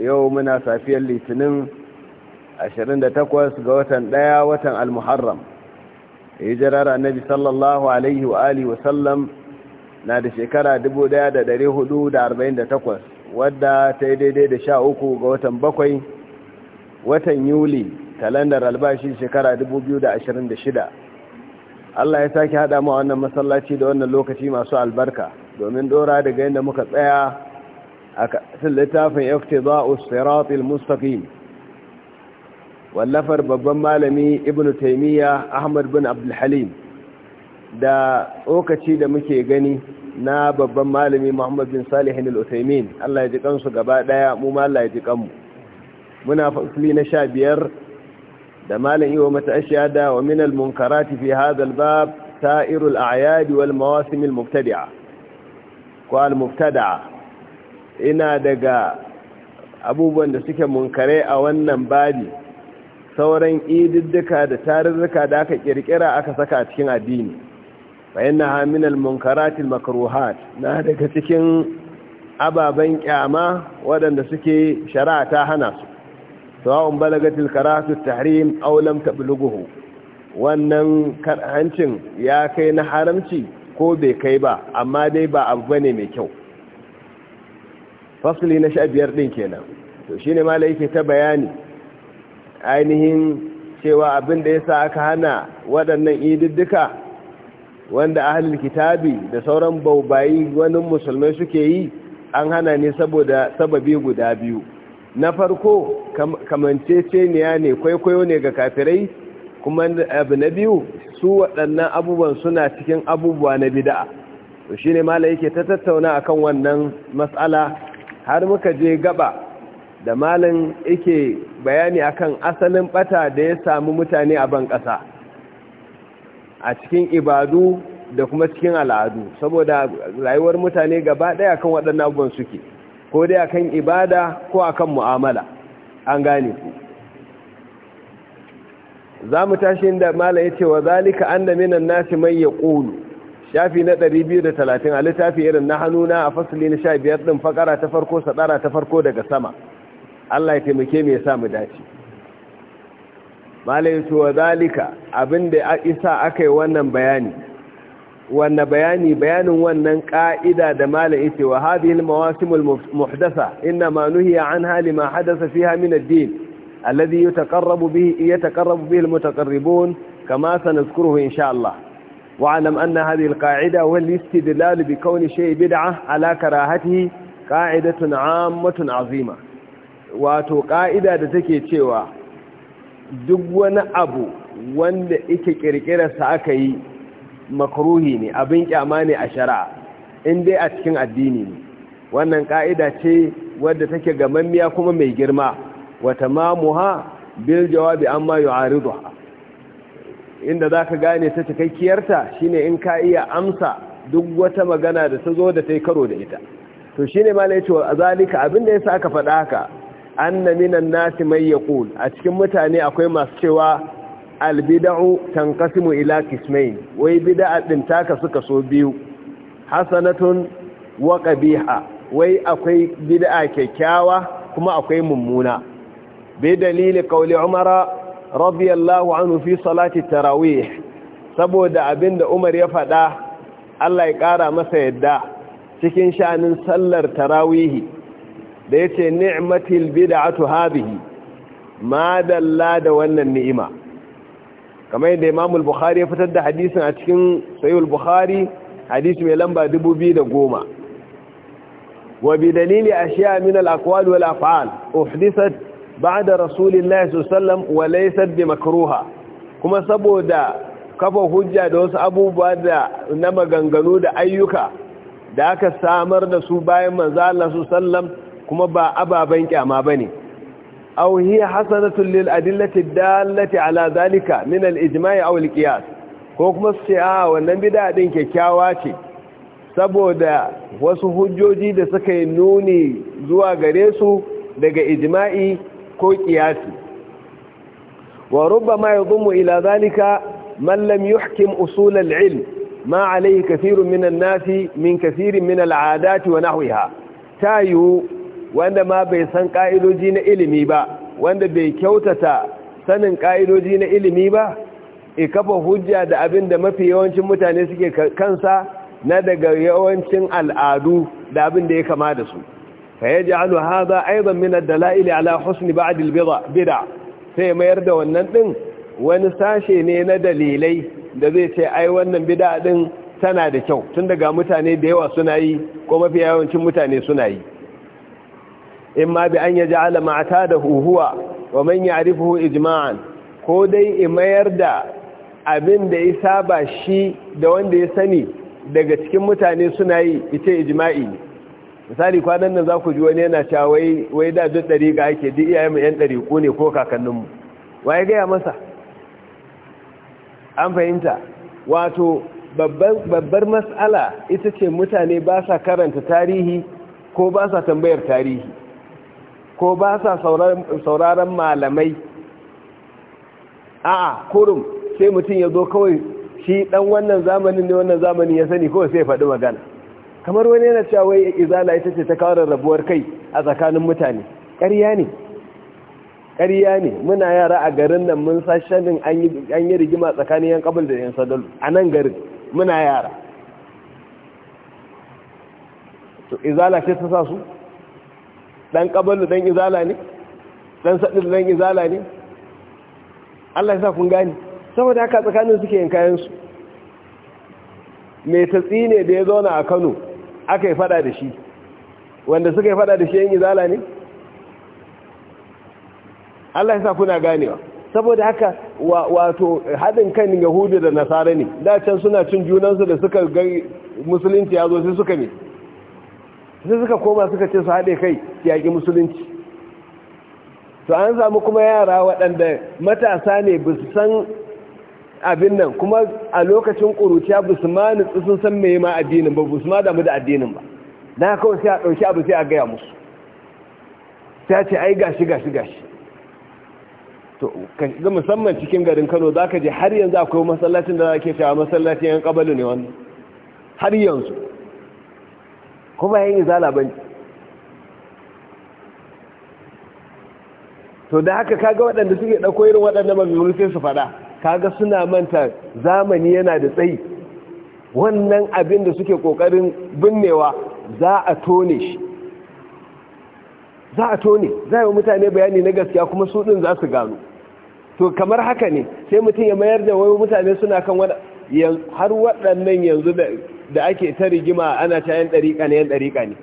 yau muna safiyar litinin 28 ga watan ɗaya watan al-muharram hijirar annabi sallallahu alaihi wa alihi wa sallam na da shekara 1448 wadda ta yi daidai da 13 ga watan bakwai watan yuli kalandar albashi shekara 2026 Allah ya sake haɗa mu a wannan masallaci da wannan lokaci masu albarka domin dora daga yadda muka tsaya sun littafin iktida'u siratul mustaqim wallafar babban malami ibnu taymiya ahmad bin abdul da tsokaci da muke gani na babban malami muhammad bin salih al-utaymin Allah ya ji kansu gaba daya mu ma Allah ya ji muna fasli na biyar. da malam iwa mata ashiyada wa min al-munkarat fi hazal ba bab sa'ir al wal mawasim al-mubtadi'a ko mubtadaa ina daga abubuwan da suke munkare a wannan babi sauran ididduka da tarurruka da aka kirkira aka saka a cikin addini bayan na haminal munkaratil makruhat na daga cikin ababen kyama waɗanda suke shari'a ta hana su sawa'un balagatil karatu tahrim aw lam tablughu wannan hancin ya kai na haramci ko bai kai ba amma dai ba abu bane mai kyau Fasili na sha biyar ɗin kenan to shine mala yake ta bayani ainihin cewa abin da ya sa aka hana waɗannan ididdika wanda ahalil kitabi da sauran baubayi wani musulmai suke yi an hana ne saboda sababi guda biyu na farko kamanceceniya ne kwaikwayo ne ga kafirai kuma abu na biyu su waɗannan abubuwan suna cikin abubuwa na bida'a to ne mala yake ta tattauna akan wannan matsala har muka je gaba da malin yake bayani akan asalin bata da ya samu mutane a ban ƙasa a cikin ibadu da kuma cikin al'adu saboda rayuwar mutane gaba ɗaya kan waɗannan abubuwan suke ko dai akan ibada ko akan mu'amala an gane ku za mu tashi inda Malam ya wa zalika an da minan nasi mai ya ƙulu shafi na ɗari biyu da talatin a littafi irin na hannuna a fasali na biyar ɗin fakara ta farko saɗara ta farko daga sama Allah ya taimake mai sa mu dace malayi to zalika abinda isa yi wannan bayani bayani bayanin wannan ka'ida da malai ce wa hadhihi almawasimul muhdasa inna ma nuhiya anha lima hadasa fiha min ad-din alladhi yataqarrabu bihi yataqarrabu bihi almutaqarribun kama sanadhkuruhu insha Allah واعلم أن هذه القاعدة والاستدلال بكون شيء بدعة على كراهته قاعدة عامة عظيمة wato ƙa'ida da take cewa duk wani abu wanda ike ƙirƙirarsa aka yi makaruhi ne abin ƙyama ne a shari'a in dai a cikin addini wannan ƙa'ida ce wadda take gamammiya kuma mai girma wata mamuha bil jawabi amma yu'ariduha inda za ka gane ta cikakkiyarta shine in ka iya amsa duk wata magana da ta zo da ta yi karo da ita to shine ma na cewa a zalika abinda ya sa aka faɗa haka an na minan nasi mai ya a cikin mutane akwai masu cewa albida'u tankasimu ila kismain wai bida'a ɗin taka suka so biyu hasanatun wa ƙabiha wai akwai bida'a kyakkyawa kuma akwai mummuna Bai dalilin kauli umara radiyallahu anhu fi salati tarawih saboda abinda Umar ya faɗa Allah ya ƙara masa yadda cikin sha'anin sallar tarawihi da yace ni'matil bid'atu hadhihi ma dalla da wannan ni'ima kamar yadda Imam al-Bukhari ya fitar da hadisin a cikin Sahih al-Bukhari hadisi mai lamba 2010 wa bi dalili ashiya min al-aqwal wal af'al uhdithat ba'da rasulillahi sallallahu walaysat bi makruha kuma saboda kafa hujja da wasu abubuwa da na maganganu da ayyuka da aka samar da su bayan manzo Allah sallallahu kuma ba ababen kyama bane aw hiya hasanatun lil adillati dallati ala zalika min al ijma'i aw al qiyas ko kuma su ce a wannan bid'a din kyakkyawa ce saboda wasu hujjoji da suka yi nuni zuwa gare su daga ijma'i ko kiyasi wa rubbama yadhumu ila zalika man lam yuhkim usul al-ilm ma alayhi kathirun min an nas min kathirin min al-'adat wa nahwiha tayu wanda ma bai san ka'idoji na ilimi ba wanda bai kyautata sanin ka'idoji na ilimi ba e kafa hujja da abin da mafi yawancin mutane suke kansa na daga yawancin al'adu da abin da ya kama da su فيجعل هذا أيضا من الدلائل على حسن بعد bida sai mayar da wannan din wani sashe ne na dalilai da zai ce ai wannan bid'a din tana da kyau tun daga mutane da yawa suna yi ko mafi yawancin mutane suna yi in ma bi an yaj'ala da huhuwa wa man ya'rifuhu ijma'an ko dai in mayar da abin da ya saba shi da wanda ya sani daga cikin mutane suna yi ita ijma'i misali kwanan nan za ku ji wani yana cewa wai wai da duk ɗari ga ake duk iyayen mu yan ɗari ko ne ko kakanninmu waye gaya masa an fahimta wato babbar mas'ala ita ce mutane ba sa karanta tarihi ko ba sa tambayar tarihi ko ba sa sauraron malamai a'a kurum sai mutum ya zo kawai shi dan wannan zamanin ne wannan zamanin ya sani kawai sai ya faɗi magana kamar wani yana cewa wai izala ita ce ta kawo rabuwar kai a tsakanin mutane ƙarya ne ƙarya ne muna yara a garin nan mun sashenin an yi rigima tsakanin yan kabul da yan sadalu a nan garin muna yara to izala ce ta sa su dan kabul dan izala ne dan sadin dan izala ne Allah ya sa kun gani saboda haka tsakanin suke yin kayan su mai tatsi ne da ya zauna a Kano aka yi fada da shi wanda suka yi fada da shi yan izala ne Allah ya sa kuna ganewa saboda haka wato haɗin kan yahudu da nasara ne da can suna cin junansu da suka ga musulunci ya zo sai suka ne sai suka koma suka ce su haɗe kai yaƙi musulunci to an samu kuma yara waɗanda matasa ne ba san abin nan kuma a lokacin ƙuruciya busmani sun san mai ma addinin ba busma damu da addinin ba na kawai sai a ɗauki abu sai a gaya musu ta ce ai gashi gashi gashi to ga musamman cikin garin kano za ka je har yanzu akwai masallacin da ke cewa masallacin yan kabalu ne wannan har yanzu kuma yan izala ban to da haka kaga waɗanda suke ɗauko irin waɗanda maganganu sai su faɗa kaga suna manta zamani yana da tsayi wannan abin da suke kokarin binnewa za a tone shi za a tone za yi mutane bayani na gaskiya kuma su din za su gano to kamar haka ne sai mutum ya mayar da wayo mutane suna kan har waɗannan yanzu da ake ta rigima ana ta yan ɗariƙa ne yan ɗariƙa ne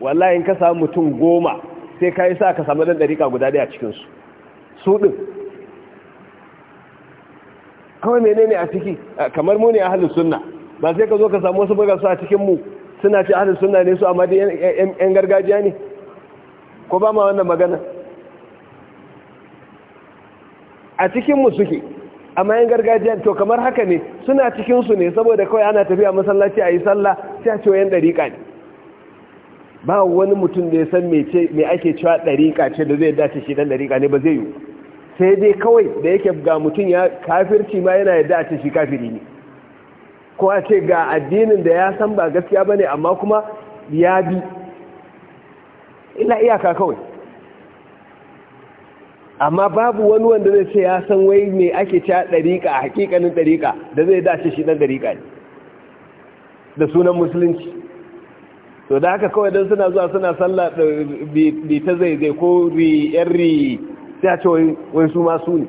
wallahi in ka samu mutum goma sai ka yi sa ka samu ɗan ɗariƙa guda ɗaya cikinsu su ɗin kawai menene a ciki kamar mu ne ahlus sunna ba sai ka zo ka samu wasu bugar su a cikin mu suna ce ahlus sunna ne su amma dai yan gargajiya ne ko ba ma wannan magana a cikin mu suke amma yan gargajiya to kamar haka ne suna cikin su ne saboda kawai ana tafiya masallaci a yi sallah sai a ce wayan dariƙa ne ba wani mutum da ya san me ake cewa dariƙa ce da zai dace shi dan dariƙa ne ba zai yi sai dai kawai da yake ga mutum ya kafirci ma yana yadda a ce shi kafiri ne ko a ce ga addinin da ya san ba gaskiya ba bane amma kuma ya bi ina iyaka kawai amma babu wani wanda zai ce ya san wai ne ake ca ɗariƙa a haƙiƙanin dariƙa da zai dace shi ɗan dariƙa ne da sunan musulunci to da haka kawai don suna zuwa suna sallah bi ta zai zai ko ri yan sai a ce wai su ma su ne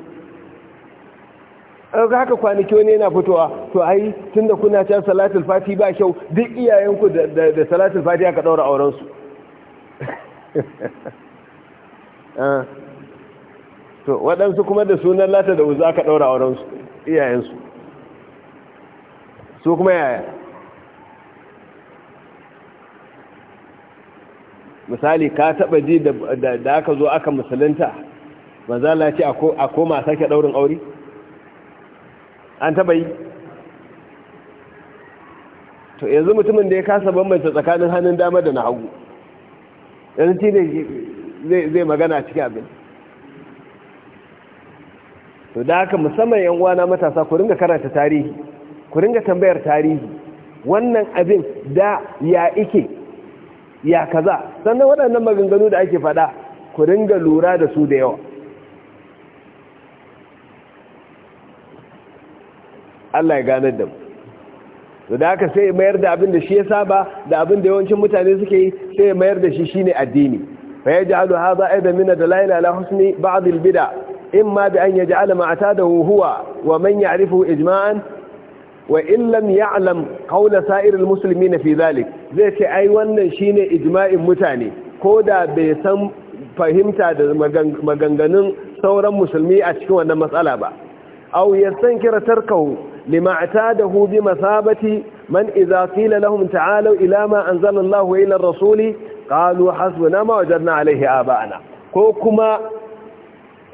ga haka kwanaki wani yana fitowa to ai tun da kuna can salatul fati ba kyau duk iyayenku da salatul fati aka daura aurensu ah. to waɗansu kuma da sunan lata da wuzu aka daura aurensu iyayensu su kuma yaya misali ka taɓa ji da aka zo aka musulunta manzala ya ce a koma a sake daurin aure an taba yi to yanzu mutumin da ya kasa bambanta tsakanin hannun dama da na hagu yanzu shi ne zai magana cikin abin to da haka musamman yan uwana matasa ku ringa karanta tarihi ku ringa tambayar tarihi wannan abin da ya ike ya kaza sannan waɗannan maganganu da ake faɗa ku ringa lura da su da yawa Allah ya ganar da mu da haka sai mayar da abin da shi ya saba da abin da yawancin mutane suke yi sai ya mayar da shi shine addini fa yaj'alu hadha aidan min dalail ala husni ba'd al bid'a imma bi an yaj'ala ma atadahu huwa wa man ya'rifu ijma'an wa in lam ya'lam qawla sa'ir musulmi muslimin fi dhalik zai ce ai wannan shine ijma'in mutane ko da bai san fahimta da maganganun sauran musulmi a cikin wannan matsala ba Au yasan kira tarkahu لما اعتاده بمثابة masabati man قيل لهم lahum إلى ما أنزل الله إلى الرسول قالوا rasuli ما وجدنا عليه آباءنا كوكما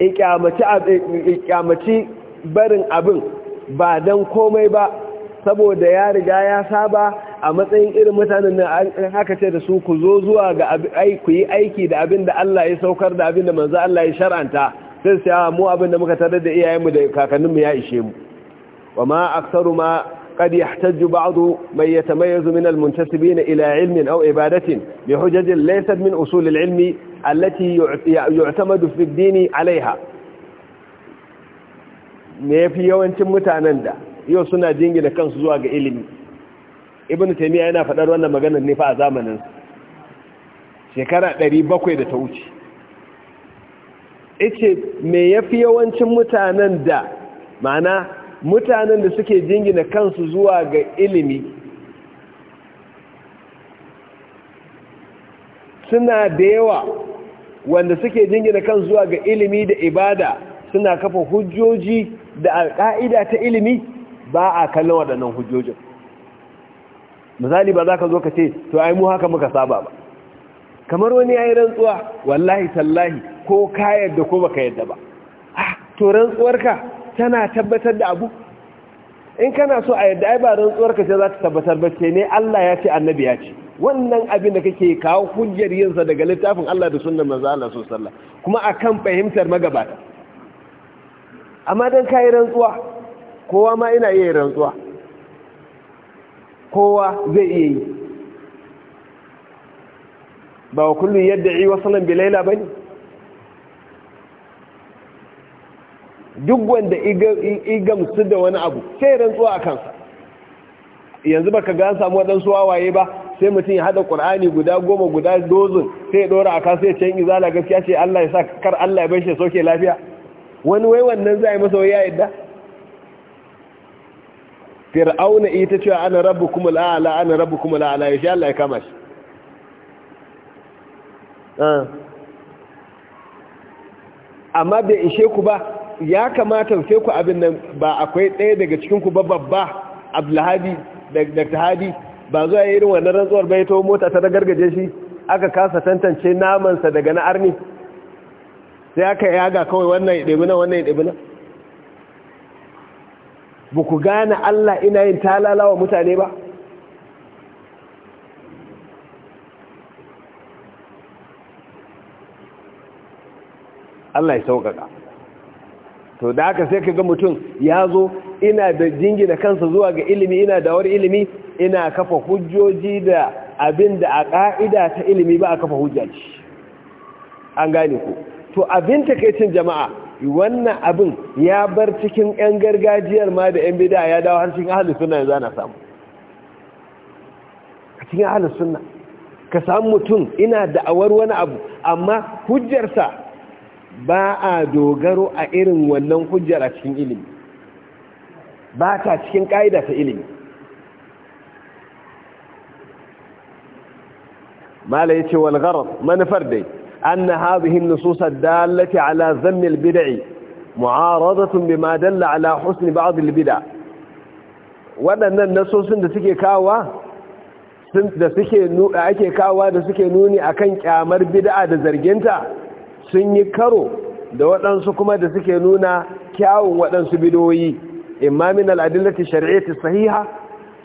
إكامتي ko kuma ikyamaci barin abin ba dan komai ba saboda ya riga ya saba a matsayin irin mutanen nan haka ce da su ku zo zuwa ga ku yi aiki da abin da Allah ya saukar da abin da manzo Allah ya shar'anta sai sai mu abin da muka tarar da iyayenmu da kakanninmu ya ishe mu وما أكثر ما قد يحتج بعض من يتميز من المنتسبين إلى علم أو عبادة بحجج ليست من أصول العلم التي يعتمد في الدين عليها ne fi yawancin mutanen da yau suna jingina kansu zuwa ga ilimi ibn taymiya yana faɗar wannan maganar ne a zamanin shekara ɗari 700 da ta wuce ice me yafi yawancin mutanen da ma'ana mutanen da suke jingina kansu zuwa ga ilimi suna da yawa wanda suke jingina kansu zuwa ga ilimi da ibada suna kafa hujjoji da alƙa'ida ta ilimi ba a kallon waɗannan hujjojin misali ba za ka zo ka ce to ai mu haka muka saba ba kamar wani ya yi rantsuwa wallahi tallahi ko ka yadda ko baka yadda ba ah, to rantsuwarka tana tabbatar da abu in kana so a yadda ai ba rantsuwar ka ce za ta tabbatar ba ce ne Allah ya ce annabi ya ce wannan abin da kake kawo hujjar sa daga littafin Allah da sunnar manzo Allah sallallahu alaihi kuma akan fahimtar magabata amma dan kai rantsuwa kowa ma ina iya rantsuwa kowa zai iya yi ba wa kullum yadda yi wasu nan bilaila ba duk wanda igamsu da wani abu sai rantsuwa a kansa yanzu baka ga samu waɗansu wawaye ba sai mutum ya haɗa ƙur'ani guda goma guda dozin sai ya ɗora a kan sai can izala gaskiya ce Allah ya sa kar Allah ya bashi soke lafiya wani wai wannan za a yi masa wai ya yadda fir'auna ita cewa ana rabu kuma la'ala ana rabu kuma la'ala ya shi Allah ya kama shi ah. amma bai ishe ku ba ya kamata sai ku abin nan ba akwai ɗaya daga cikin ku ba babba da dr hadi ba zuwa irin wannan rantsuwar bai to mota ta gargaje shi aka kasa tantance namansa daga na arni sai aka yaga kawai wannan ɗabi na wannan ɗabi na ba ku gane allah ina yin talalawa mutane ba allah ya sauƙaƙa to da haka sai ka ga mutum ya zo ina da jingi da kansa zuwa ga ilimi ina da wari ilimi ina kafa hujjoji da abin da a ƙa'ida ta ilimi ba a kafa hujjaji an gane ku to abin takaicin jama'a wannan abin ya bar cikin 'yan gargajiyar ma da 'yan bida ya dawo har cikin ahalus suna yanzu ana samu a cikin ahalus suna ka samu mutum ina da'awar wani abu amma hujjarsa ba a dogaro a irin wannan hujjar a cikin ilimi ba ta cikin ƙa'ida ta ilimi mala ya ce walgarar manufar dai an na hazihin nususar dalati ala zammil bida'i mu'arazatun bi ma dalla ala husni bida waɗannan nasusun da suke kawa da suke ake kawa da nuni akan kyamar bida'a da zarginta sun yi karo da waɗansu kuma da suke nuna kyawun waɗansu bidoyi imma min al'adillati shari'ati sahiha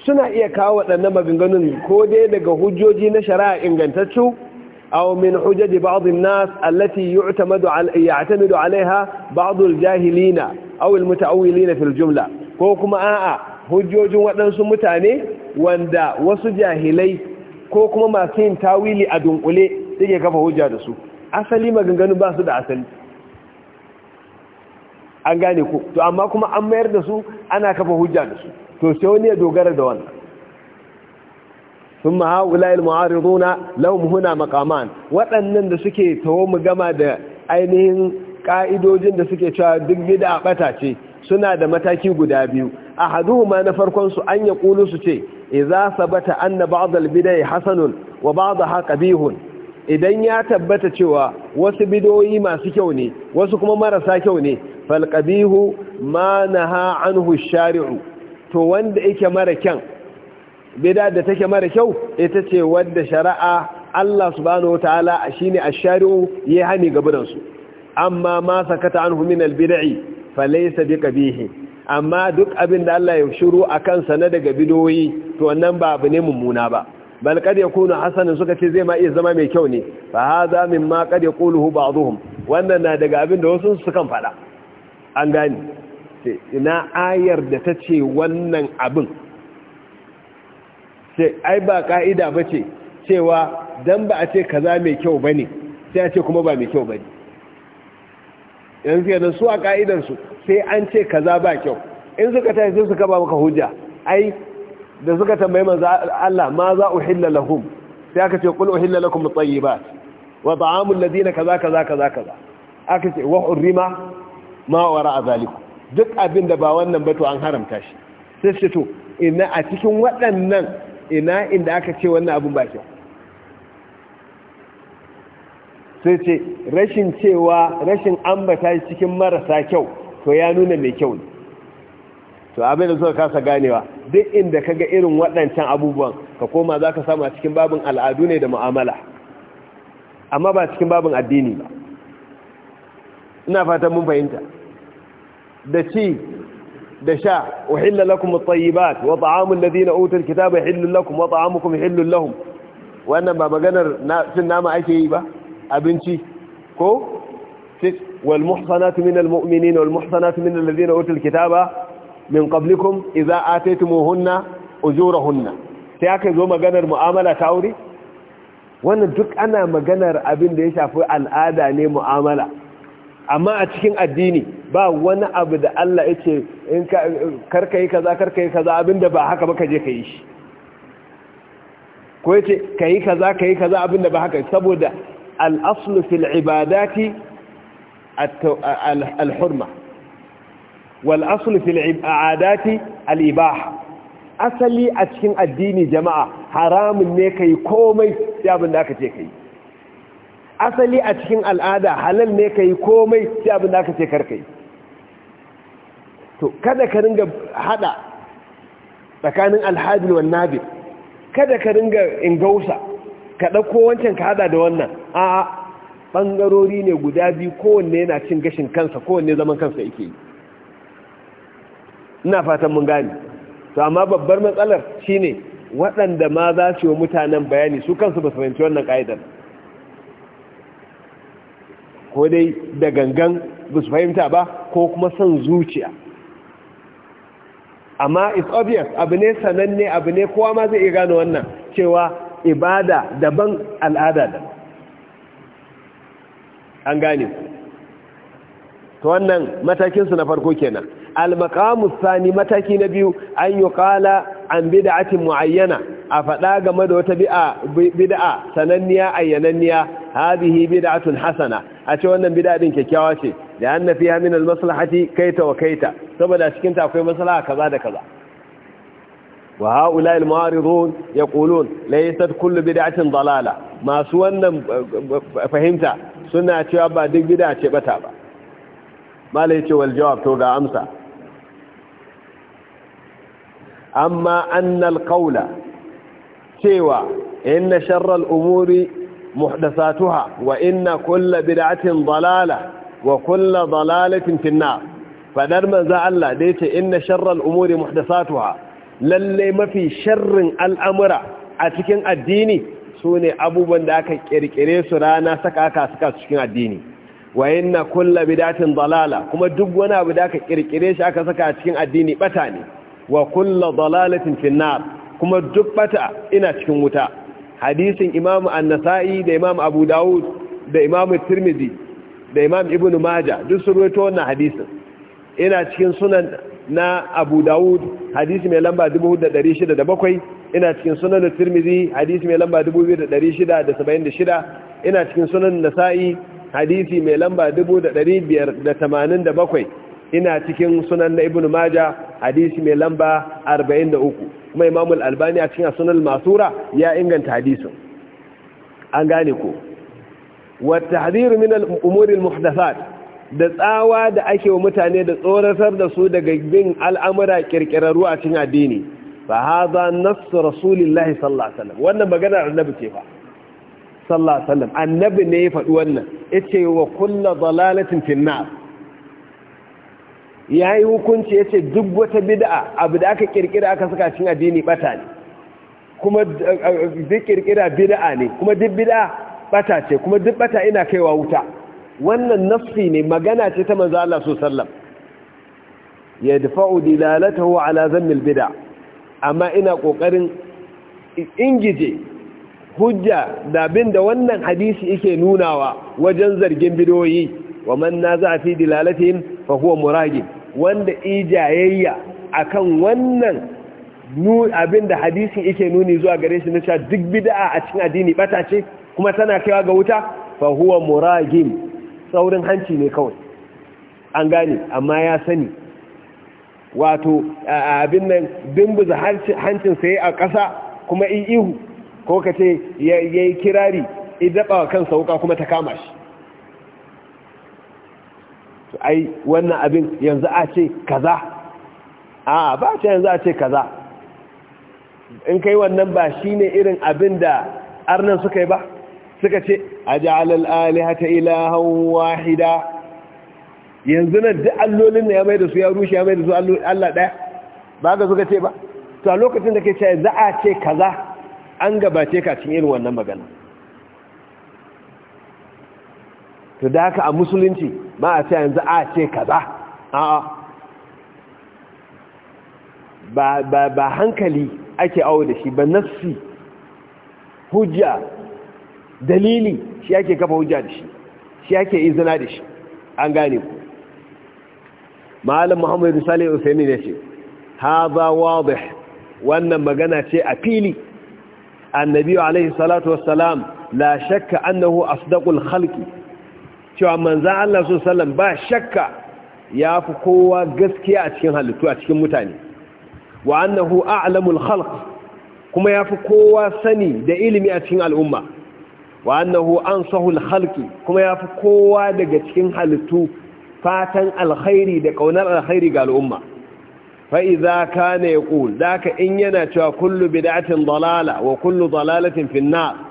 suna iya kawo waɗannan maganganun ko dai daga hujjoji na shari'a ingantaccu aw min hujaji ba'd nas allati yu'tamadu 'alayha alaiha 'alayha jahilina aw al-muta'awwilina fil jumla ko kuma a'a hujjojin waɗansu mutane wanda wasu jahilai ko kuma masu yin tawili a dunkule suke kafa hujja da su asali maganganu ba su da asali an gane ku to amma kuma an mayar da su ana kafa hujja da su to sai wani ya dogara da wannan ثم هؤلاء المعارضون لهم هنا مقامان waɗannan da suke tawo mu gama da ainihin ka'idojin da suke cewa duk bid'a bata ce suna da mataki guda biyu ahaduhuma na farkon su an ya kulu su ce idza sabata anna ba'd al-bid'ah hasanun wa ba'daha qabihun idan ya tabbata cewa wasu bidoyi masu kyau ne wasu kuma marasa kyau ne falqabihu ma naha anhu shari'u to wanda yake mara kyan bid'a da take mara kyau ita ce wadda shari'a Allah subhanahu wataala shine ash-shari'u ya hani gaburan su amma ma sakata anhu min al-bid'i falaysa biqabihi amma duk abin da Allah ya shiru akan sa na daga bidoyi to wannan ba abu ne mummuna ba bal kad yakunu hasanan suka ce zai ma iya zama mai kyau ne fa hadha mimma kad yaquluhu ba'dhum wannan na daga abin da wasu kan fada an gani ina ayar da ta ce wannan abin sai ai ba ka'ida ba ce cewa dan ba a ce kaza mai kyau bane sai a ce kuma ba mai kyau bane yanzu yanzu yana su a su sai an ce kaza ba kyau in suka tafi su ka ba maka hujja ai da suka tambayi manzo Allah ma za uhilla lahum sai aka ce qul uhilla lakum at-tayyibat wa ta'amul ladina kaza kaza kaza kaza aka ce wa hurrima ma wara zaliku duk abin da ba wannan ba to an haramta shi sai ce to ina a cikin waɗannan ina inda aka ce wannan abin ba kyau sai ce rashin cewa rashin ambata cikin marasa kyau to ya nuna mai kyau ne to abin da suka kasa ganewa duk inda ka ga irin waɗancan abubuwan ka koma za ka samu a cikin babin al'adu ne da mu'amala amma ba cikin babin addini ba ina fatan mun fahimta da ci da sha uhilla lakum at-tayyibat wa ta'amul ladina utul kitaba hillu lakum wa ta'amukum hillu lahum wannan ba maganar cin nama ake yi ba abinci ko wal muhsanatu minal mu'minina wal muhsanatu minal ladina utul kitaba min qablikum idza ataytumuhunna ujurahunna sai aka zo maganar mu'amala ta aure wannan duk ana maganar abin da ya shafi al'ada ne mu'amala amma a cikin addini ba wani abu da Allah yake in karka yi kaza karka yi kaza abinda ba haka ba ka je ka yi shi ko yace ka yi kaza ka yi kaza abinda ba haka saboda al-aslu fil ibadati al-hurma wal aslu fil aadati al ibah asali a cikin addini jama'a haramun ne kai komai sai abin da aka ce kai asali a cikin al'ada halal ne kai komai sai abin da aka ce kar kai to kada ka ringa hada tsakanin alhajil wan nabi kada ka ringa ingausa ka dauko wancan ka hada da wannan a bangarori ne guda biyu kowanne yana cin gashin kansa kowanne zaman kansa yake yi ina fatan mun gane to amma babbar matsalar shine waɗanda ma za su yi mutanen bayani su kansu ba su fahimci wannan ƙa'idar ko dai da gangan ba su fahimta ba ko kuma son zuciya amma it's obvious abu ne sananne abu ne kowa ma zai iya gane wannan cewa ibada daban al'ada da an gane to wannan matakinsu na farko kenan almakamu sani mataki na biyu an yi kala an bida'atin mu'ayyana a faɗa game da wata bida'a sananniya ayyananniya hadihi bida'atun hasana a ce wannan bida'a din kyakkyawa ce da an nafi hamin almaslahati kaita wa kaita saboda cikin ta akwai kaza da kaza wa haula almu'aridun yaqulun laysat kullu bid'atin dalala masu wannan eh, eh, fahimta suna cewa ba duk bid'a ce bata ba malai ce wal jawab to ga amsa أما أن القول سوى إن شر الأمور محدثاتها وإن كل بدعة ضلالة وكل ضلالة في النار فدر من ذا الله ديت إن شر الأمور محدثاتها للي ما في شر الأمر أتكين الديني سوني أبو بنداك كريكريس رانا سكاكا سكاكا سكين الديني وإن كل برعة ضلالة كما دبونا بداك كريكريس أكا سكاكا سكين الديني بتاني wa kulla dalalatin fin kuma duk bata ina cikin wuta hadisin imamu an-nasa'i da imamu abu dawud da imamu tirmidhi da imam Ibn majah duk sun rawaito wannan hadisin ina cikin sunan na abu dawud hadisi mai lamba 4607 ina cikin sunan tirmidhi hadisi mai lamba 2676 ina cikin sunan nasa'i hadisi mai lamba 1587 ina cikin sunan na ibn maja hadisi mai lamba 43 kuma imamul albani a cikin sunan masura ya inganta hadisin an gane ko wa hadiru min al-muhdathat da tsawa da ake wa mutane da tsoratar da su daga bin al'amura kirkirarru a cikin addini fa haza nass rasulillahi sallallahu alaihi wasallam wannan magana annabi ce fa sallallahu alaihi wasallam annabi ne ya faɗi wannan yace wa kullu dalalatin finnar ya yi hukunci ya ce duk wata bid'a abu da aka kirkira aka saka cin addini bata ne kuma eh, eh, duk kirkira bid'a ne kuma duk bid'a bata ce kuma duk bata ina kaiwa wuta wannan nafsi ne magana ce ta manzo Allah so sallam ya dafa'u dilalatahu ala zammil bid'a amma ina kokarin ingije hujja da bin da wannan hadisi yake nunawa wajen zargin bidoyi wa man naza fi dilalatin fa huwa muragin wanda ijayayya akan wannan nu abinda hadisin yake nuni zuwa gare shi na cewa duk bid'a a cikin addini bata ce kuma tana kaiwa ga wuta fa huwa muragin saurin hanci ne kawai an gane amma ya sani wato abin nan dimbuza hancin sai a ƙasa kuma in ihu ko ka ce ya yi kirari idaba kansa wuka kuma ta kama shi to ai wannan abin yanzu a ce kaza a ba ce yanzu a ce kaza in kai wannan ba shine irin abin da arnan suka yi ba suka ce a aja'al al-alihata ilahan wahida yanzu na duk allolin da ya mai da su ya rushe ya mai da su Allah daya ba ga suka ce ba to a lokacin da ke ce za a ce kaza an gabace ka cin irin wannan magana to da haka a musulunci ba a ce yanzu a ce kaza a'a ba ba hankali ake awo da shi ba nafsi hujja dalili shi ake kafa hujja da shi shi ake izina da shi an gane ku malam muhammadu salih usaini ne ce haza wadih wannan magana ce a fili annabi alaihi salatu wassalam la shakka annahu asdaqul khalqi cewa manzan Allah su sallam ba shakka ya fi kowa gaskiya a cikin halittu a cikin mutane wa annahu a'lamul khalq kuma ya fi kowa sani da ilimi a cikin al'umma wa annahu ansahul halki kuma ya fi kowa daga cikin halittu fatan alkhairi da kaunar alkhairi ga al'umma fa idza kana yaqul daka in yana cewa kullu bid'atin dalala wa kullu dalalatin finna.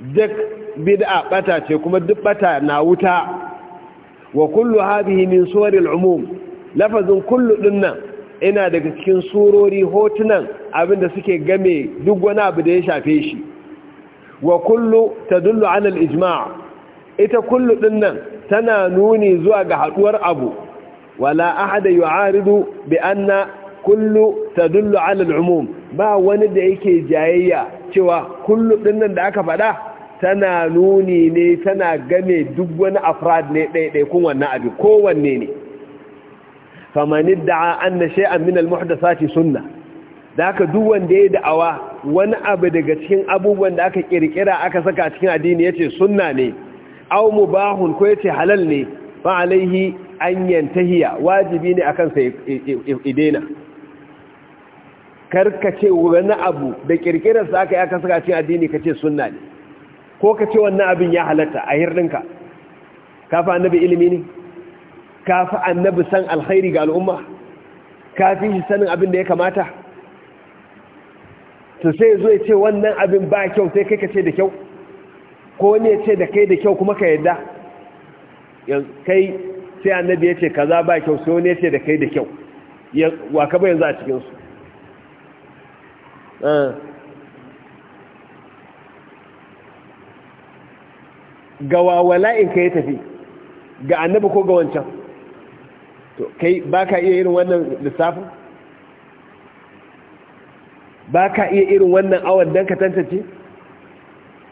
duk bid'a bata ce kuma duk bata na wuta wa kullu hadhihi min al umum lafazin kullu dinnan ina daga cikin surori hotunan abinda suke game duk wani abu da ya shafe shi wa kullu tadullu ala al-ijma' ita kullu dinnan tana nuni zuwa ga haduwar abu wala ahada yu'aridu bi anna kullu tadullu ala al-umum ba wani da yake jayayya cewa kullu ɗinnan da aka faɗa tana nuni ne tana game duk wani afrad ne kun wannan abin kowanne ne Famanin da an na shay'an min al ce sunna da aka duk wanda ya da'awa wani abu daga cikin abubuwan da aka ƙirƙira aka saka cikin addini ce sunna ne au mu bahun ko yace halal ne ba alaihi an yantahiya wajibi ne akan sa idena karkace wani abu da kirkirarsa aka yi aka saka cin addini ka ce sunna ne ko ka ce wannan abin ya halatta a hirɗinka kafa annabi ilimi ne kafa annabi san alkhairi ga al'umma kafi shi sanin abin da ya kamata to sai zo ya ce wannan abin ba kyau sai kai ka ce da kyau ko wani ya ce da kai da kyau kuma ka yadda kai sai annabi ya ce kaza ba kyau sai wani ya ce da kai da kyau wa ka yanzu a cikinsu Eh. ga wawala'in ka yi tafi ga annabi ko ga wancan to kai ba ka iya irin wannan lissafin ba ka iya irin wannan awon don ka tantance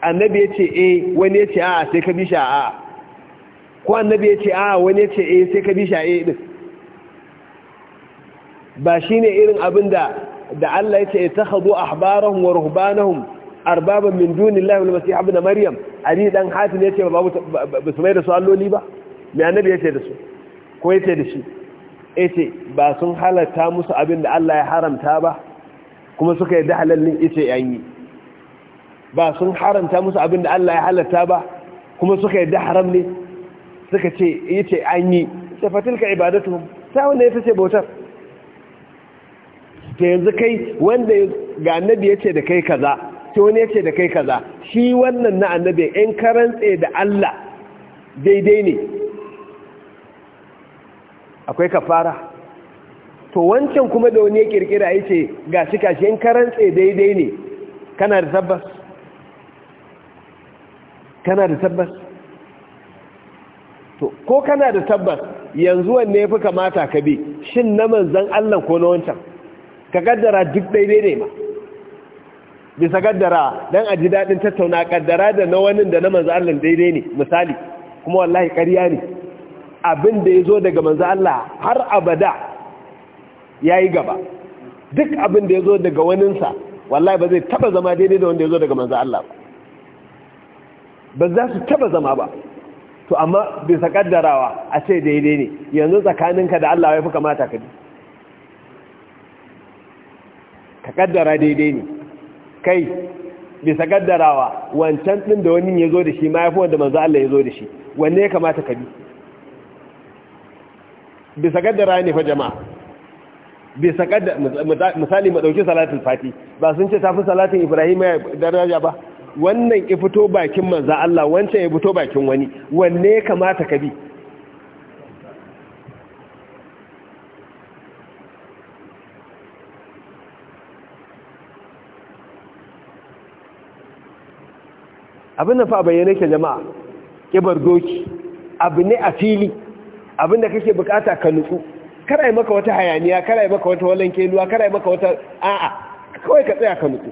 annabi ya ce eh wani ya ce a sai ka bi shi a ko annabi ya ce a wani ya ce eh sai ka bi shi a ba shi ne irin abin da da Allah ya ce a ahbarahum wa ruhbanahum arbabin min dunillahi masu masih ibn maryam ni dan hatin ya ce ba su mai da su alloli ba mai annabi ya ce da su ko ya ce da shi ya ce ba sun halatta musu abin da Allah ya haramta ba kuma suka yi da ya ita yan yi ba sun haramta musu abin da Allah ya halatta ba kuma suka yi da haram ne suka ce Ya an yi sai fatilka ibadatu. sai wanda ya ce bautar ta yanzu kai wanda ga annabi ya ce da kai kaza ta wani ya ce da kai kaza shi wannan na annabi in karantse da Allah daidai ne akwai kafara to wancan kuma da wani ya kirkira ya ce ga shi kashi in karantse daidai ne kana da tabbas kana da tabbas to ko kana da tabbas yanzu wanne ya fi kamata ka bi shin na manzan Allah ko na wancan ka kaddara duk daidai ne ma bisa kaddara don a ji daɗin tattauna kaddara da na wani da na manzu Allah daidai ne misali kuma wallahi ƙarya ne abin da ya zo daga manzu Allah har abada ya yi gaba duk abin da ya zo daga waninsa wallahi ba zai taba zama daidai da wanda ya zo daga manzu Allah ba ba za su taba zama ba to amma bisa kaddarawa a ce daidai ne yanzu tsakaninka da Allah ya fi kamata ka ji ka kaddara daidai ne kai bisa kaddarawa wancan din da wani ya zo da shi ma ya fi wanda manzo Allah ya zo da shi wanne ya kamata ka bi bisa kaddara ne fa jama'a bisa kaddara misali mu dauki salatul fati ba sun ce tafi salatin ibrahim ya daraja ba wannan ya fito bakin manzo Allah wancan ya fito bakin wani wanne ya kamata ka bi abin da fa bayyana ke jama'a kibar doki abu ne a fili abin da kake bukata ka nutsu kada yi maka wata hayaniya kada yi maka wata walanke luwa kada yi maka wata a'a kawai ka tsaya ka nutsu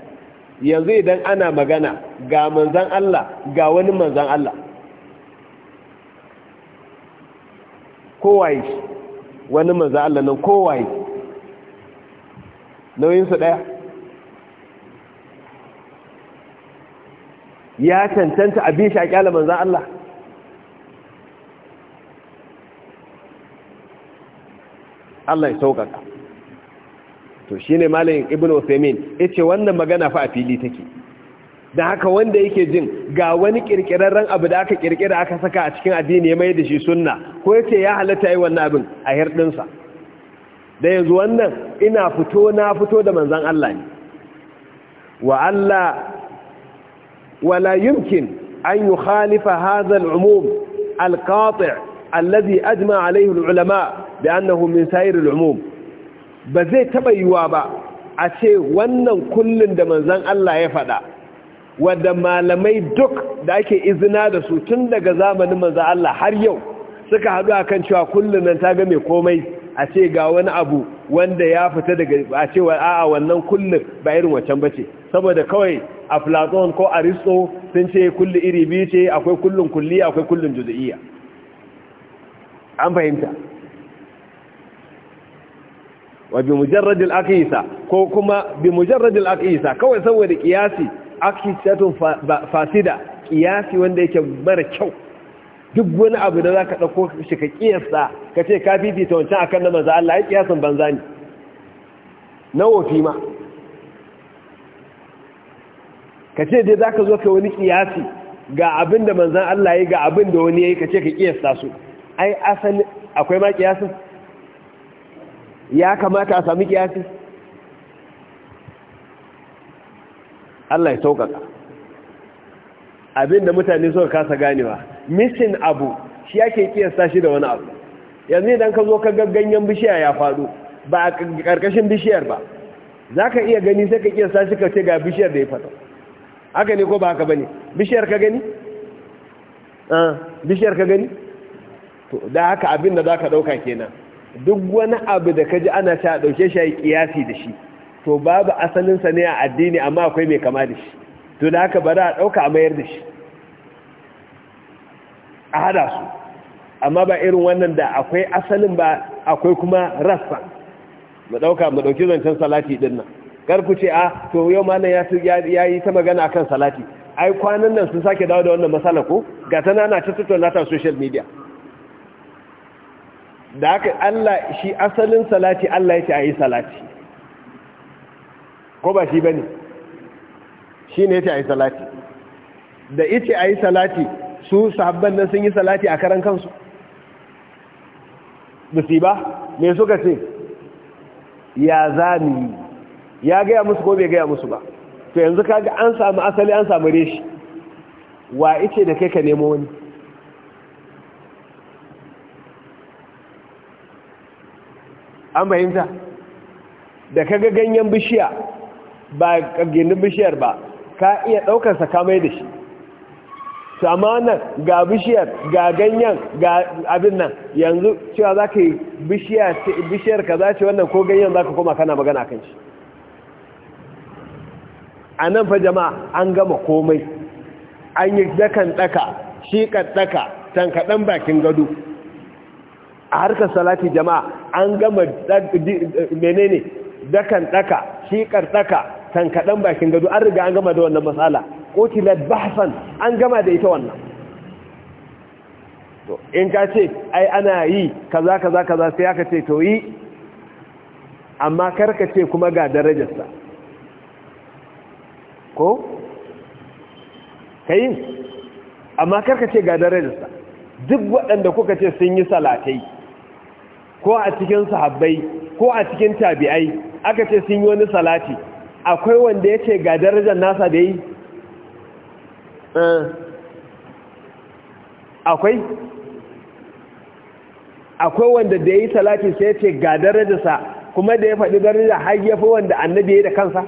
yanzu idan ana magana ga manzan Allah ga wani manzan Allah kowaye wani manzan Allah nan kowaye nauyinsu ɗaya ya cancanta abin shi a kyala manzan Allah Allah ya ka. to shi ne malayin ibn Uthamin ya ce wannan magana fa a fili take da haka wanda yake jin ga wani ƙirƙirarren abu da aka ƙirƙira aka saka a cikin addini ya mai da shi sunna ko ya ce ya halatta yi wannan abin a hirɗinsa da yanzu wannan ina fito na fito da manzan Allah ne wa Allah Wala ولا يمكن أن يخالف هذا العموم القاطع الذي أجمع عليه العلماء بأنه من taɓa العموم ba a ce wannan ونن da manzan Allah ya faɗa wadda malamai duk da ake izina da su tun daga zamanin manzo Allah har yau suka haɗu a kan cewa kullun nan ta ga mai komai a ce ga wani abu wanda ya fita daga a cewa a'a wannan kullun ba irin wancan ce. saboda kawai a platon ko aristo sun ce kulli iri biyu ce akwai kullun kulli akwai kullun juzi'iyya an fahimta wa bi mujarradil aqisa ko kuma bi mujarradil aqisa kawai saboda qiyasi aqisatun fasida qiyasi wanda yake mara kyau duk wani abu da zaka dauko shi ka kiyasta kace ka fifita wancan akan na manzo Allah ya kiyasan banza nawo fi ma ka ce dai za ka zo ka wani kiyasi ga abin da manzan Allah ya ga abin da wani ya yi ka ce ka kiyasta su ai asali akwai ma kiyasin ya kamata a sami kiyasin Allah ya sauƙaƙa abin da mutane suka kasa ganewa misin abu shi yake kiyasta shi da wani abu yanzu idan ka zo ka ganyen bishiya ya faɗo ba a ƙarƙashin bishiyar ba za ka iya gani sai ka kiyasta shi ka ce ga bishiyar da ya faɗo haka ne ko ba haka bane bishiyar ka gani ah, bishiyar ka gani da haka abin da zaka dauka kenan duk wani abu da kaji ana ta dauke shi ai kiyasi da shi to babu asalin sa ne a addini amma akwai mai kama da shi to da haka ba za a dauka a mayar da shi a hada su amma ba irin wannan da akwai asalin ba akwai kuma rassa mu dauka mu dauki zancen salati ɗinnan. kar ku ce a ah, to yau ma nan ya yi ta magana akan salati ai kwanan nan sun sake dawo da wannan masala ko ga ta nana ta tattauna ta social media da haka Allah shi asalin salati Allah ya ce a yi salati ko ba shi bane shi ne ya ce a yi salati da ice a yi salati su sahabban nan sun yi salati a karan kansu ba su ba me suka ce ya za ya gaya musu ko bai gaya musu ba to yanzu kaga an samu asali an samu reshi wa ice da kai ka nemo wani an fahimta da kaga ganyen bishiya ba gindin bishiyar ba ka iya ɗaukarsa kamai da shi to nan ga bishiyar ga ganyen ga abin nan yanzu cewa za ka yi bishiyar ka za wannan ko ganyen zaka koma kana magana kan shi a nan fa jama'a an gama komai an yi dakan daka shi daka kadan bakin gado a harkar salati jama'a an gama menene dakan daka shi daka kadan bakin gado an riga an gama da wannan matsala kotilar bahsan an gama da ita wannan to in ka ce ai ana yi kaza kaza kaza sai aka ce to yi amma karka ce kuma ga darajarsa ko ka yi amma karka ce ga darajarsa duk waɗanda kuka ce sun yi salatai ko a cikin sahabbai ko a cikin tabi'ai aka ce sun yi wani salati akwai wanda ya ce ga darajar nasa da yi eh. akwai akwai wanda da yi salati sai ya ce ga darajarsa kuma da ya faɗi darajar har yafi wanda annabi ya da kansa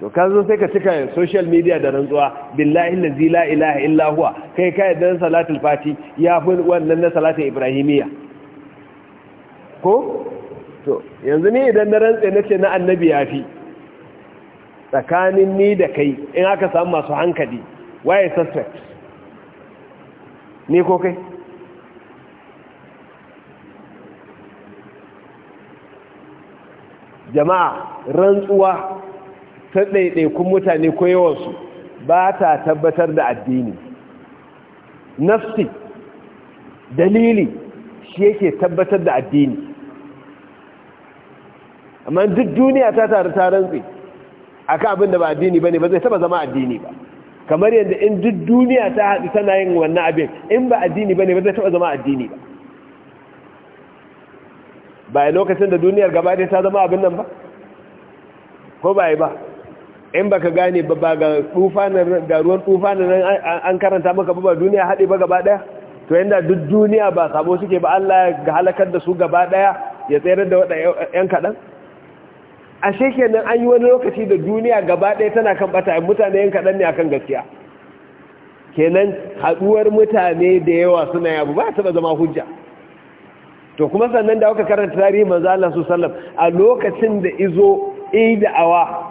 to ka zo sai ka cika social media da rantsuwa billahi allazi la ilaha illa huwa kai kai dan salatul fati ya fi wannan na salatin ibrahimiya ko to yanzu ni idan na rantsa nace na annabi yafi tsakanin ni da kai in aka samu masu hankali waye suspect ni ko kai jama'a rantsuwa ta ɗaiɗaikun mutane ko yawansu ba ta tabbatar da addini nafsi dalili shi yake tabbatar da addini amma duk duniya ta taru ta rantsi a kan abin da ba addini ba ne ba zai taba zama addini ba kamar yadda in duk duniya ta haɗu tana yin wannan abin in ba addini ba ne ba zai taba zama addini ba ba a lokacin da duniyar gaba ta zama abin nan ba ko ba yi ba in ba ka gane ba ga ruwan da ruwan nan an karanta maka ba duniya haɗe ba gaba ɗaya to yadda duk duniya ba sabo suke ba Allah ga halakar da su gaba ɗaya ya tsere da yan kaɗan ashe kenan an yi wani lokaci da duniya gaba ɗaya tana kan a mutane yan kaɗan ne akan gaskiya kenan haɗuwar mutane da yawa suna yabu ba ta zama hujja to kuma sannan da aka karanta tarihi manzo Allah su sallam a lokacin da izo idawa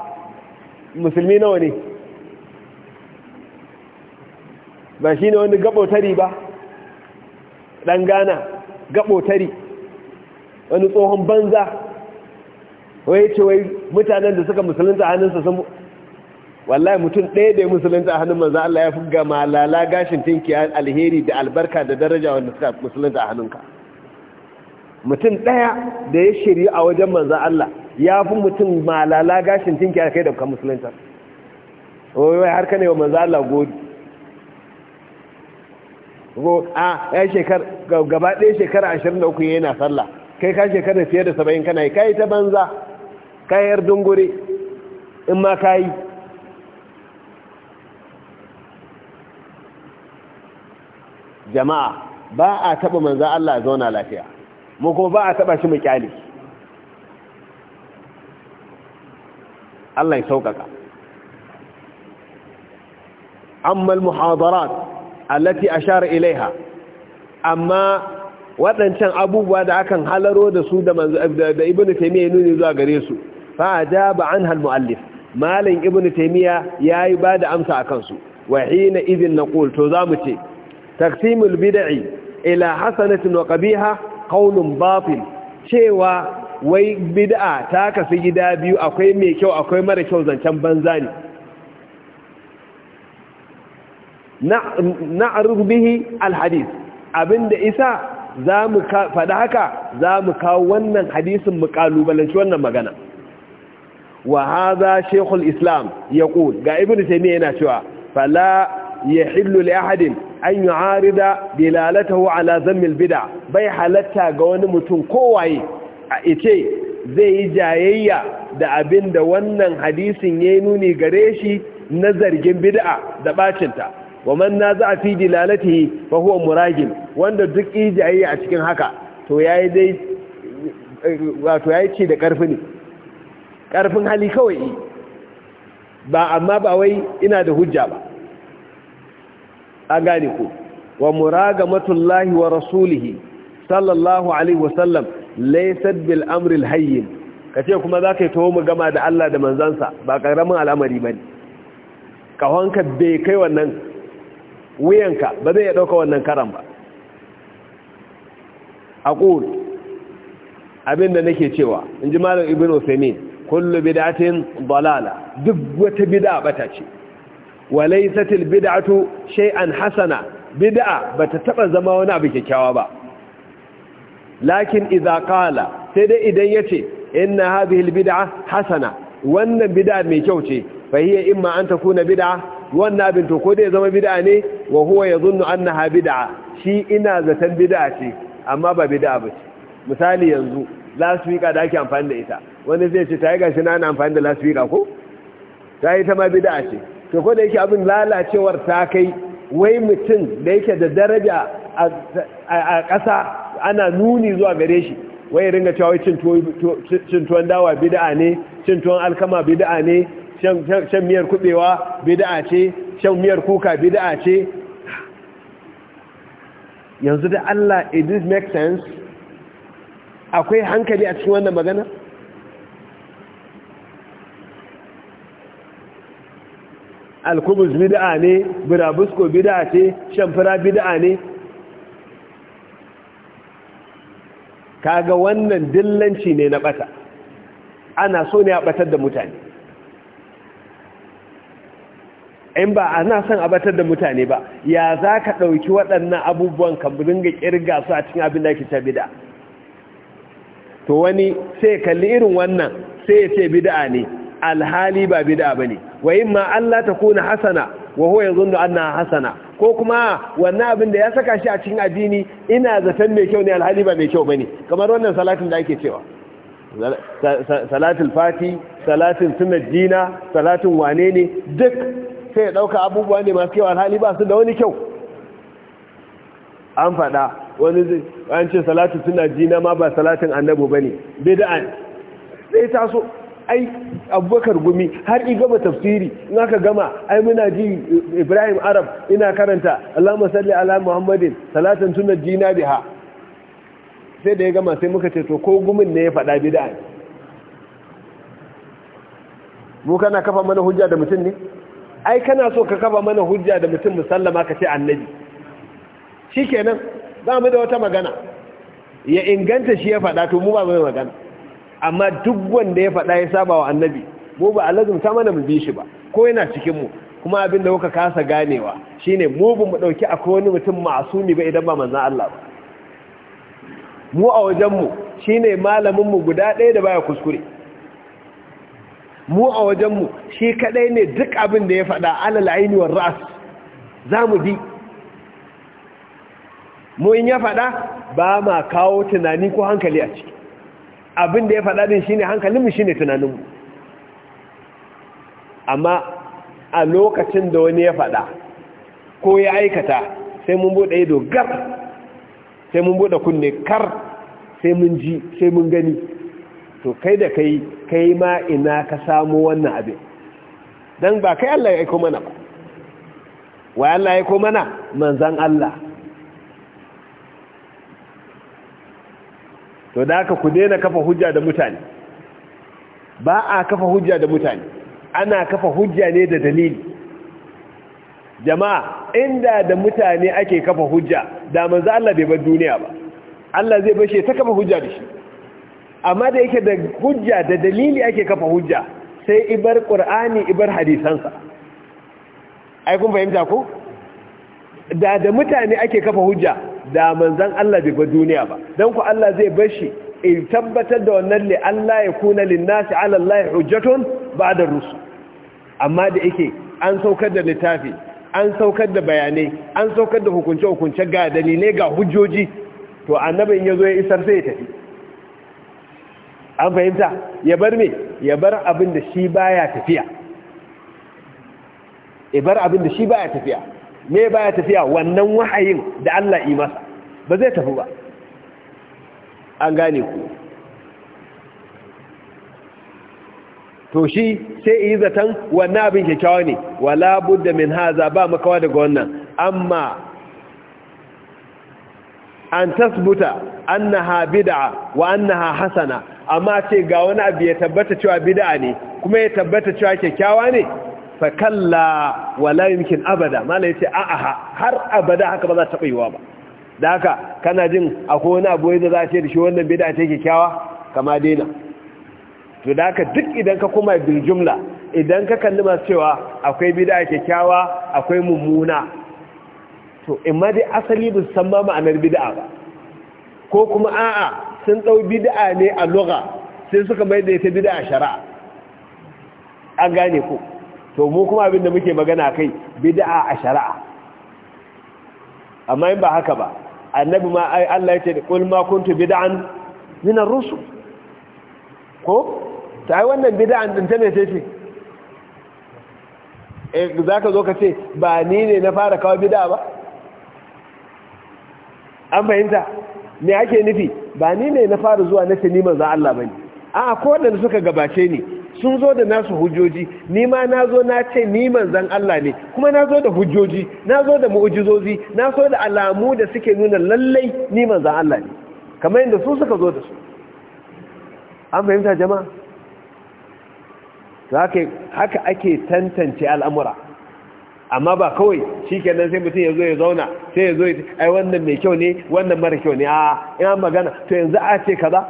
musulmi nawa ne ba shi ne wani gabotari ba ɗan gana gabotari wani tsohon banza wai ce wai mutanen da suka musulunta hannunsa sun wallahi mutum ɗaya da ya musulunta a hannun manzan Allah ya fi ga malala gashin tinki alheri da albarka da daraja wanda suka musulunta a hannunka mutum ɗaya da ya shirya a wajen manzan Allah ya fi mutum malala gashin tinki a kai da kan musulunta wai har kane wa manzo Allah godi go a ya shekar gaba ɗaya shekara 23 yana sallah kai ka shekara fiye da 70 kana yi kai ta banza kayar yar dungure in ma kai jama'a ba a taba manzo Allah zauna lafiya mu ko ba a taba shi mu kyale Allah ya sauƙaƙa Ammal al-muhadarat allati ashara ilaiha amma waɗancan abubuwa da akan halaro da su da ibn taimiyya ya nuni zuwa gare su fa'ada ba an halmu'allif malam ibn taimiyya ya yi ba da amsa a kansu wahi na izin na to zamu ce taksimul bida'i ila hasanatin wa ƙabiha ƙaunin bafil cewa wai bid'a ta kafi gida biyu akwai mai kyau akwai mara kyau zancen banza ne na bihi alhadis abinda isa za mu faɗa haka za mu kawo wannan hadisin mu kalubalanci wannan magana wa haza shekul islam ya ƙul ga ibn taimiyya yana cewa fala ya hillu ahadin an yi harida dalalatahu ala zammil bida bai halatta ga wani mutum kowaye a ce zai yi jayayya da abin da wannan hadisin ya yi nuni gare shi na zargin bid'a da bacinta wa man a fi dilalatihi fa huwa muragin wanda duk yi jayayya a cikin haka to ya dai wato ce da ƙarfi ne ƙarfin hali kawai ba amma ba wai ina da hujja ba A gane ku wa muraga matullahi wa rasulihi sallallahu alaihi wasallam laysat bil amril hayyin kace kuma zaka yi tawo mu gama da Allah da manzansa ba karamin al'amari bane kahonka bai kai wannan wuyanka ba zai dauka wannan karam ba aqul abinda nake cewa inji malam ibnu usaymin kullu bid'atin dalala duk wata bid'a bata ce wa laysatil bid'atu shay'an hasana bid'a bata taba zama wani abu kyakkyawa ba lakin idza qala sai dai idan yace inna hadhihi albid'a hasana wannan bid'a mai kyau ce fa hiya imma an takuna bid'a wannan abin to ko dai zama bid'a ne wa huwa yadhunnu annaha bid'a shi ina zaton bid'a ce amma ba bid'a ba misali yanzu last week da ake amfani da ita wani zai ce ta yi gashi na ana amfani da last week ko ta yi ta ma bid'a ce to ko da yake abin lalacewar ta kai wai mutum da yake da daraja a ƙasa ana nuni zuwa gare shi wai ringa cewa wai cin tuwon dawa bid'a ne cin tuwon alkama bid'a ne shan miyar kubewa bid'a ce shan miyar kuka bid'a ce yanzu da Allah it does make sense akwai hankali a cikin wannan magana alkubus bid'a ne burabusko bid'a ce shamfara bid'a ne kaga wannan dillanci ne na bata ana so ne a batar da mutane in ba ana son a batar da mutane ba ya za ka ɗauki waɗannan abubuwan ka dinga ƙirga su a cikin abin da ke ta bida to wani sai kalli irin wannan sai ya ce bida ne alhali ba bida ba ne wa yin ma Allah ta kuna hasana wa huwa na zunnu anna hasana ko kuma wannan abin da ya saka shi a cikin addini ina zaton mai kyau ne alhali ba mai kyau bane kamar wannan salatin da ake cewa salatul fati salatin sunnat jina salatin wane ne duk sai ya dauka abubuwa ne masu kyau alhali ba su da wani kyau an faɗa wani an ce salatin sunnat jina ma ba salatin annabi bane bid'a sai taso ai abubakar gumi har i gama tafsiri in aka gama ai muna ji ibrahim arab ina karanta allahumma salli ala muhammadin salatan jina biha sai da ya gama sai muka ce to ko gumin ne ya faɗa bid'a ne mu kana kafa mana hujja da mutum ne ai kana so ka kafa mana hujja da mutum musallama ka ce annabi shikenan ba mu da wata magana ya inganta shi ya faɗa to mu ba mu magana amma duk wanda ya faɗa ya saba wa annabi mu ba alazum ta mana mu bi shi ba ko yana cikin mu kuma abin da kuka kasa ganewa shine mu ba mu dauki akwai wani mutum masumi ba idan ba manzon Allah ba mu a wajen mu shine malamin mu guda ɗaya da baya kuskure mu a wajen shi kadai ne duk abin da ya faɗa alal aini war ras zamu bi mu in ya faɗa ba ma kawo tunani ko hankali a ciki abin da ya faɗa ɗin din shine hankalinmu shine tunaninmu amma a lokacin da wani ya faɗa ko ya aikata sai mun buɗe ido gar sai mun buɗe kunne kar sai mun ji sai mun gani to kai da kai kai ma ina ka samu wannan abin don ba kai Allah ya aiko mana ba wa Allah ya aiko mana manzan Allah to da haka ku daina kafa hujja da mutane ba a kafa hujja da mutane ana kafa hujja ne da dalili jama'a inda da mutane ake kafa hujja da manzo Allah bai bar duniya ba Allah zai bashe ta kafa hujja da shi amma da yake da hujja da dalili ake kafa hujja sai ibar qur'ani ibar hadisansa ai kun fahimta ko da da mutane ake kafa hujja da manzan Allah bai ba duniya ba dan ku Allah zai bar shi in tabbatar da wannan li Allah ya kuna linnasi ala Allah hujjatun ba'da rusul amma da yake an saukar da littafi an saukar da bayanai an saukar da hukunce hukunce ga dalilai ga hujjoji to annabin yazo ya isar sai ya tafi an fahimta ya bar me ya bar abin da shi baya tafiya ya bar abin da shi baya tafiya me baya tafiya wannan wahayin da Allah yi masa ba zai tafi ba an gane ku to shi sai yi zaton wannan abin kyakkyawa ne wala budda min haza ba makawa daga wannan amma an tasbuta annaha bid'a wa annaha hasana amma ce ga wani abu ya tabbata cewa bid'a ne kuma ya tabbata cewa kyakkyawa ne fa kalla wala yumkin abada mala yace a a har abada haka ba za ta bayuwa ba da haka kana jin akwai wani abu da za ce da shi wannan bid'a ce kikkiawa kama daina to da haka duk idan ka koma bil jumla idan ka kalli masu cewa akwai bid'a kikkiawa akwai mummuna to imma dai asali bin san ma ma'anar bid'a ba ko kuma a'a sun dau bid'a ne a lugha sai suka mai da ita bid'a shara an gane ku. to mu kuma abin da muke magana kai bid'a a shari'a amma in ba haka ba annabi ma ai Allah ya ce kul ma kuntu bid'an min ar-rusul ko ta wannan bid'an din ta ne ce ce eh zaka zo ka ce ba ni ne na fara kawo bid'a ba an fahimta me ake nufi ba ni ne na fara zuwa na sani ni manzo Allah bane a ko da suka gabace ni sun zo da nasu hujjoji ni ma na zo na ce ni manzan Allah ne kuma na zo da hujjoji na zo da mu'ujizozi na zo da alamu da suke nuna lallai ni manzan Allah ne kamar yadda su suka zo da su an fahimta jama'a haka ake tantance al'amura amma ba kawai shi kenan sai mutum ya zo ya zauna sai ya zo ya ai wannan mai kyau ne wannan mara kyau ne a ina magana to yanzu a ce kaza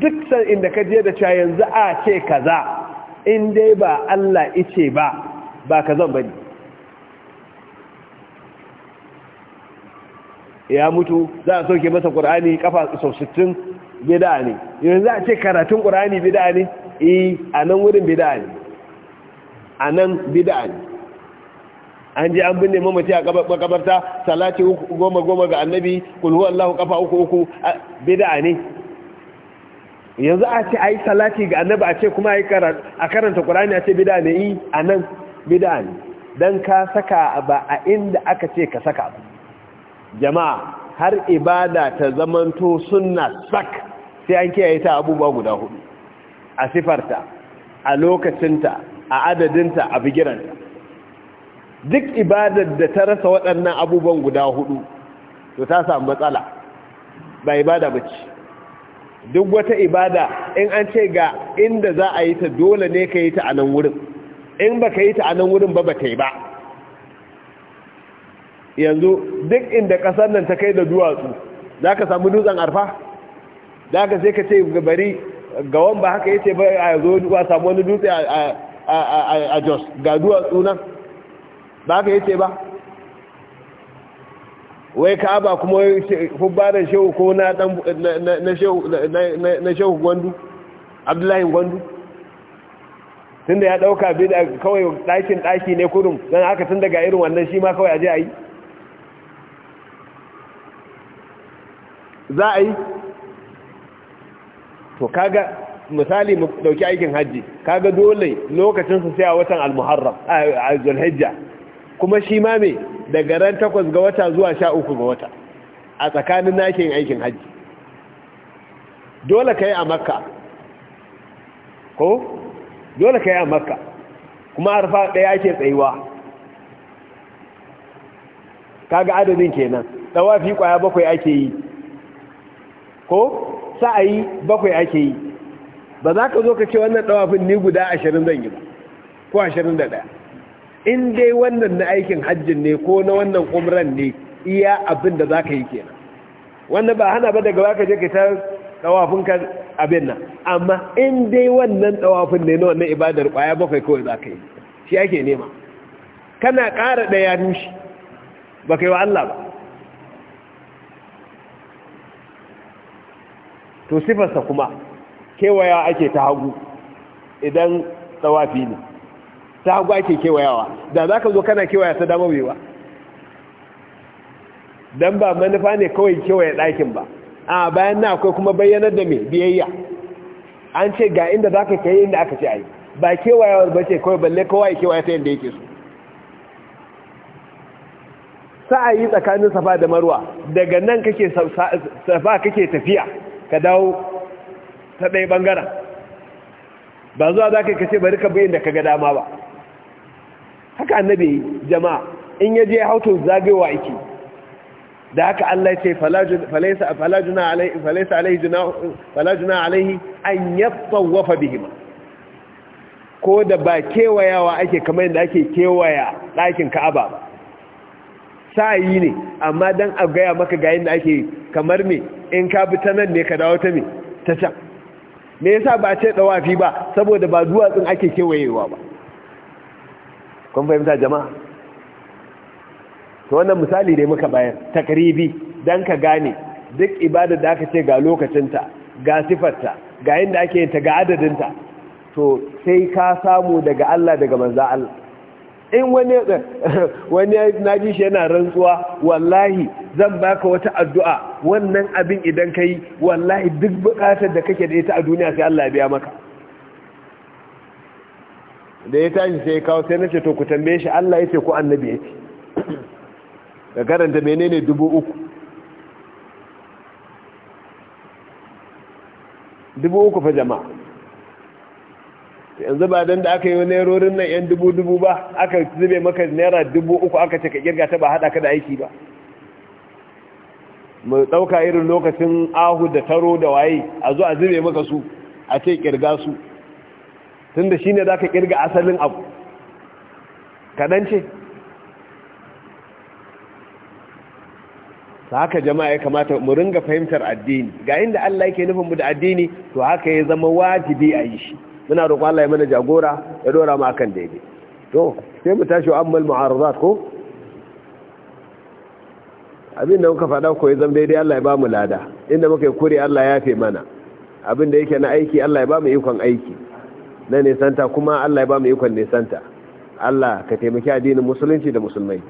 duk san inda ka je da cewa yanzu a ce kaza in dai ba Allah ice ba ba kazan bane ya mutu za a soke masa ƙur'ani kafa sau 60 bida ne yanzu a ce karatun ƙur'ani bida ne eh a nan wurin bida ne a nan bida ne an je an binne mamaci a makabarta salati goma goma ga annabi kulhu Allahu kafa uku uku bida ne yanzu a ce a yi salati ga annaba a ce kuma a karanta ƙurani a ce bida ne yi eh, a nan bida ne don ka saka ba a inda aka ce ka saka ba jama'a har ibada ta zamanto sunna sak sai an kiyaye ta abubuwa guda hudu a sifarta a lokacinta a adadinta a bigiranta duk ibadar da ta rasa waɗannan abubuwan guda hudu to ta samu matsala ba ibada ba ce duk wata ibada in an ce ga inda za a yi ta dole ne ka yi ta a nan wurin in ba ka yi ta a nan wurin ba ba ta yi ba yanzu duk inda ƙasar nan ta kai da duwatsu za ka samu dutsen arfa za ka sai ka ce bari gawan ba haka ya ce ba a zo duwa samu wani dutse a jos ga duwatsu nan ba haka ce ba wai ka'aba kuma da shehu ko na dan na shehu na shehu gwandu abdullahi gwandu tunda ya dauka bid'a kawai dakin daki ne kurum dan haka tun daga irin wannan shi ma kawai aje ayi za a yi to kaga misali mu dauki aikin haji kaga dole lokacin su sai a watan al-muharram a zulhijja kuma shi ma me daga ran takwas ga wata zuwa sha uku ga wata a tsakanin nakin aikin hajji dole ka yi a makka ko dole ka yi a makka kuma harfa ɗaya ake tsayuwa ga adadin kenan tsawafi kwaya bakwai ake yi ko sa'ayi bakwai ake yi ba za ka zo ka ce wannan tsawafin ni guda ashirin zan yi ba ko ashirin da ɗaya in dai wannan na aikin hajjin ne ko na wannan umran ne iya abin da za ka yi kenan wannan ba hana ba daga ka je ka tar tawafin ka abin nan amma in dai wannan tawafin ne na wannan ibadar kwaya bakwai kawai za ka yi shi ake nema kana ƙara ɗaya nushi ba ka yi wa Allah ba to sifarsa kuma kewayawa ake ta hagu idan tsawafi ne ta hagu ake kewayawa da za ka zo kana kewaya ta dama wewa don ba manufa ne kawai kewaye ɗakin ba a bayan na akwai kuma bayyanar da mai biyayya an ce ga inda za ka kayi inda aka ce a yi ba kewayawar ba ce kawai balle kawai kewaya kewaye ta yadda yake so yi tsakanin safa da marwa daga nan kake safa kake tafiya ka dawo ta ɗaya ɓangaren ba zuwa za ka kace bari ka bayin da ka ga dama ba haka annabi jama'a in ya je hauto zagewa yake da haka Allah ce falaisa falajuna alaihi falaisa alaihi falajuna alaihi an yatawafa bihima ko da ba kewayawa ake kamar yadda ake kewaya ɗakin Ka'aba ba sa'ayi ne amma dan a gaya maka ga yadda ake kamar me in ka bi ta nan ne ka dawo ta me ta can me yasa ba ce dawafi ba saboda ba duwatsun ake kewayewa ba kun fahimta jama'a to wannan misali ne muka bayar takribi dan ka gane duk ibada da aka ce ga lokacinta ga sifarta ga inda ake yin ta ga adadinta to sai ka samu daga Allah daga manza Allah in wani wani naji shi yana rantsuwa wallahi zan baka wata addu'a wannan abin idan kai wallahi duk bukatar da kake da ita a duniya sai Allah ya biya maka da ya tashi sai kawo sai na ce to ku tambaye shi Allah ya ce ko annabi yake ce da karanta menene dubu uku dubu uku fa jama'a yanzu ba dan da aka yi wani rorin nan yan dubu dubu ba aka zube maka naira dubu uku aka ce ka girga ta ba haɗa ka da aiki ba mu ɗauka irin lokacin ahu da taro da waye a zo a zube maka su a ce kirga su tun da shi ne za ka kirga asalin abu kaɗan ce ta haka jama'a ya kamata mu ringa fahimtar addini ga inda Allah yake nufin mu da addini to haka ya zama wajibi a yi shi muna roƙon Allah ya mana jagora ya dora ma akan daidai to sai mu tashi wa ammal ko abin da muka faɗa ko ya zama daidai Allah ya ba mu lada inda muka yi kure Allah ya fi mana abin da yake na aiki Allah ya ba mu ikon aiki na nisanta kuma Allah ya ba mu ikon nisanta Allah ka taimaki addinin musulunci da musulmai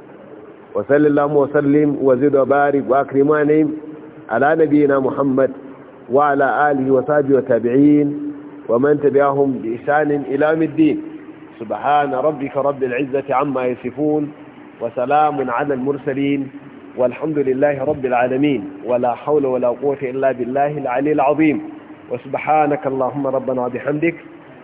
wa sallallahu wa sallim wa zid wa barik wa akrimani ala nabiyina Muhammad wa ala alihi wa sahbihi wa tabi'in wa man tabi'ahum bi isanin ila yawmiddin subhana rabbika rabbil izzati amma yasifun wa salamun ala al mursalin والحمد لله رب العالمين ولا حول ولا قوة إلا بالله العلي العظيم وسبحانك اللهم ربنا وبحمدك